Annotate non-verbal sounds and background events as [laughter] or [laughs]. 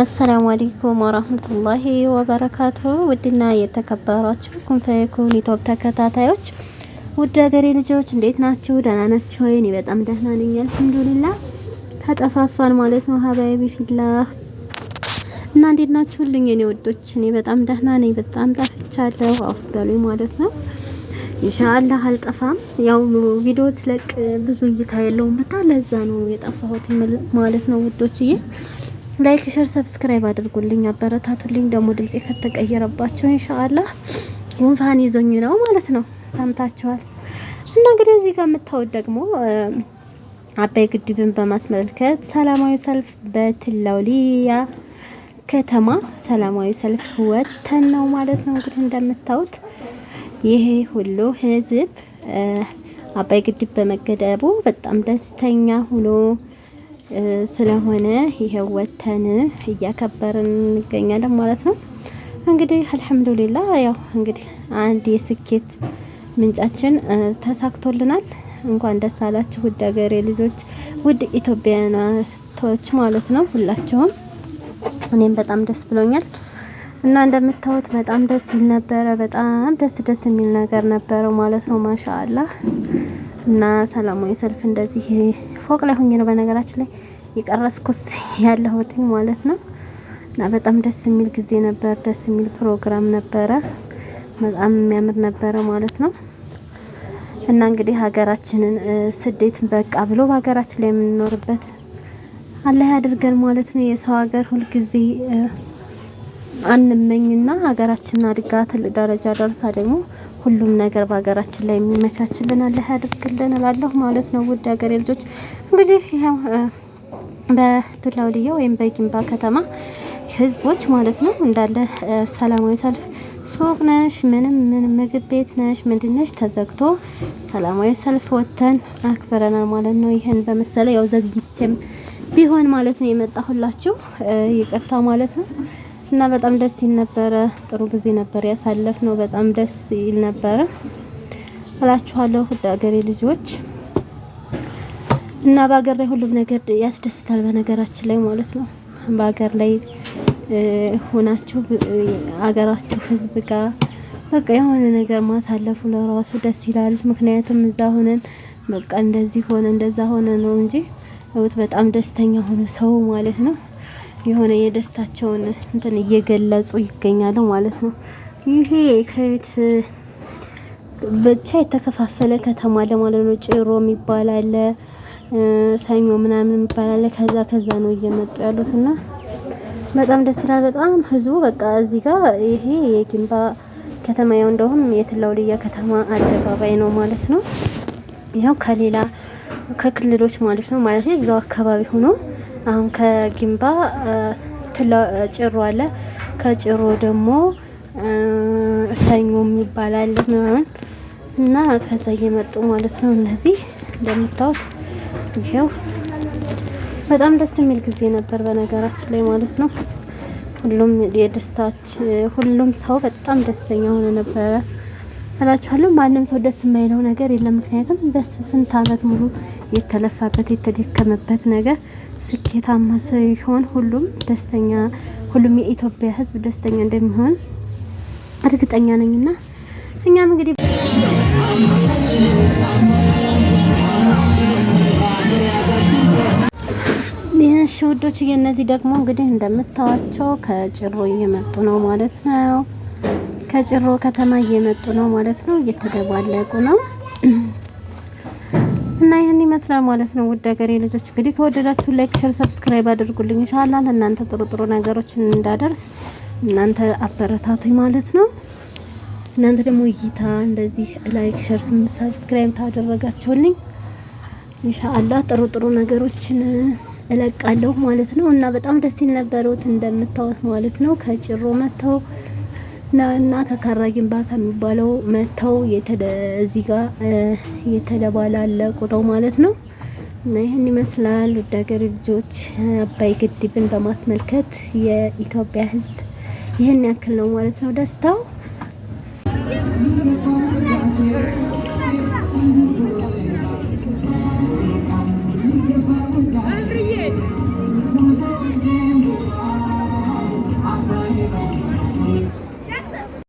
አሰላሙ አለይኩም ወራህመቱላሂ ወበረካቱ። ውድና የተከበሯችሁ ኩንፈኩን ኢትዮጵ ተከታታዮች ውድ ሀገሬ ልጆች እንዴት ናችሁ? ደህና ናችሁ ወይ? እኔ በጣም ደህና ነኝ አልሐምዱሊላህ። ተጠፋፋን ማለት ነው ሀባይቢ ፊላህ እና እንዴት ናችሁልኝ የኔ ውዶች? እኔ በጣም ደህና ነኝ። በጣም ጠፍቻለሁ። አፍ በሉኝ ማለት ነው። ኢንሻአላህ አልጠፋም። ያው ቪዲዮ ስለቅ ብዙ እይታ የለውም ብቻ ለዛ ነው የጠፋሁት ማለት ነው ውዶችዬ ላይክ፣ ሸር፣ ሰብስክራይብ አድርጉልኝ፣ አበረታቱልኝ። ደግሞ ድምጽ ከተቀየረባችሁ ኢንሻአላህ ጉንፋን ይዞኝ ነው ማለት ነው። ሰምታችኋል። እና እንግዲህ እዚህ ጋር የምታዩት ደግሞ አባይ ግድብን በማስመልከት ሰላማዊ ሰልፍ በትላውሊያ ከተማ ሰላማዊ ሰልፍ ወተን ነው ማለት ነው። እንግዲህ እንደምታዩት ይሄ ሁሉ ህዝብ አባይ ግድብ በመገደቡ በጣም ደስተኛ ሆኖ ስለሆነ ይሄ ወተን እያከበርን እንገኛለን ማለት ነው። እንግዲህ አልሐምዱሊላ ያው እንግዲህ አንድ የስኬት ምንጫችን ተሳክቶልናል። እንኳን ደስ አላችሁ ውድ ሀገሬ ልጆች፣ ውድ ኢትዮጵያውያኖች ማለት ነው ሁላችሁም። እኔም በጣም ደስ ብሎኛል እና እንደምታዩት በጣም ደስ ይል ነበረ። በጣም ደስ ደስ የሚል ነገር ነበረው ማለት ነው። ማሻአላህ እና ሰላማዊ ሰልፍ እንደዚህ ፎቅ ላይ ሆኜ ነው በነገራችን ላይ የቀረስኩት [laughs] ያለሁትኝ ማለት ነው። እና በጣም ደስ የሚል ጊዜ ነበር። ደስ የሚል ፕሮግራም ነበረ። በጣም የሚያምር ነበረ ማለት ነው። እና እንግዲህ ሀገራችንን ስደት በቃ ብሎ በሀገራችን ላይ የምንኖርበት አላህ ያድርገን ማለት ነው። የሰው ሀገር ሁልጊዜ አንመኝና ሀገራችንን አድጋ ትልቅ ደረጃ ደርሳ ደግሞ ሁሉም ነገር በሀገራችን ላይ የሚመቻችልን አለ ያድርግልን እላለሁ ማለት ነው። ውድ ሀገሬ ልጆች እንግዲህ ይኸው በዱላ ወይም በጊንባ ከተማ ህዝቦች ማለት ነው እንዳለ ሰላማዊ ሰልፍ ሱቅ ነሽ፣ ምንም ምን ምግብ ቤት ነሽ፣ ምንድነሽ ተዘግቶ ሰላማዊ ሰልፍ ወጥተን አክብረናል ማለት ነው። ይህን በመሰለ ያው ዘግይቼም ቢሆን ማለት ነው የመጣሁላችሁ ይቅርታ ማለት ነው። እና በጣም ደስ ይል ነበረ። ጥሩ ጊዜ ነበር ያሳለፍ ነው። በጣም ደስ ይል ነበረ እላችኋለሁ ውድ አገሬ ልጆች እና በሀገር ላይ ሁሉም ነገር ያስደስታል። በነገራችን ላይ ማለት ነው በሀገር ላይ ሆናችሁ አገራችሁ ህዝብ ጋር በቃ የሆነ ነገር ማሳለፉ ለራሱ ደስ ይላል። ምክንያቱም እዛ ሆነን በቃ እንደዚህ ሆነ እንደዛ ሆነ ነው እንጂ እውት በጣም ደስተኛ ሆነ ሰው ማለት ነው። የሆነ የደስታቸውን እንትን እየገለጹ ይገኛሉ ማለት ነው። ይሄ ከቤት ብቻ የተከፋፈለ ከተማ ለማለት ነው። ጭሮ የሚባል አለ፣ ሰኞ ምናምን የሚባል አለ። ከዛ ከዛ ነው እየመጡ ያሉት እና በጣም ደስ ይላል። በጣም ህዝቡ በቃ እዚህ ጋር ይሄ የጊንባ ከተማ ያው እንደውም የትላውልያ ከተማ አደባባይ ነው ማለት ነው። ያው ከሌላ ከክልሎች ማለት ነው ማለት እዛው አካባቢ ሆኖ አሁን ከጊንባ ጭሮ አለ። ከጭሮ ደግሞ ሰኞ የሚባል አለ ምናምን እና ከዛ እየመጡ ማለት ነው። እነዚህ እንደምታዩት ይኸው በጣም ደስ የሚል ጊዜ ነበር በነገራችን ላይ ማለት ነው። ሁሉም የደስታች ሁሉም ሰው በጣም ደስተኛ ሆነ ነበረ። እላችኋለሁ። ማንም ሰው ደስ የማይለው ነገር የለም። ምክንያቱም ደስ ስንት አመት ሙሉ የተለፋበት የተደከመበት ነገር ስኬታማ ሲሆን ሁሉም ደስተኛ ሁሉም የኢትዮጵያ ሕዝብ ደስተኛ እንደሚሆን እርግጠኛ ነኝና እኛም እንግዲህ ሽውዶች እነዚህ ደግሞ እንግዲህ እንደምታዋቸው ከጭሮ እየመጡ ነው ማለት ነው። ከጭሮ ከተማ እየመጡ ነው ማለት ነው፣ እየተደባለቁ ነው። እና ይህን ይመስላል ማለት ነው። ውድ ሀገሬ ልጆች እንግዲህ ከወደዳችሁ ላይክ፣ ሸር፣ ሰብስክራይብ አድርጉልኝ። ኢንሻአላህ ለእናንተ ጥሩ ጥሩ ነገሮችን እንዳደርስ እናንተ አበረታቱኝ ማለት ነው። እናንተ ደግሞ እይታ እንደዚህ ላይክ፣ ሸር፣ ሰብስክራይብ ታደረጋችሁልኝ ኢንሻአላህ ጥሩ ጥሩ ነገሮችን እለቃለሁ ማለት ነው። እና በጣም ደስ ይል ነበሩት እንደምታወት ማለት ነው ከጭሮ መጥተው እና ከካራጊምባ ከሚባለው መጥተው እዚህ ጋር የተደባላለቁ ነው ማለት ነው። እና ይህን ይመስላል ውድ ሀገር ልጆች አባይ ግድብን በማስመልከት የኢትዮጵያ ሕዝብ ይህን ያክል ነው ማለት ነው ደስታው።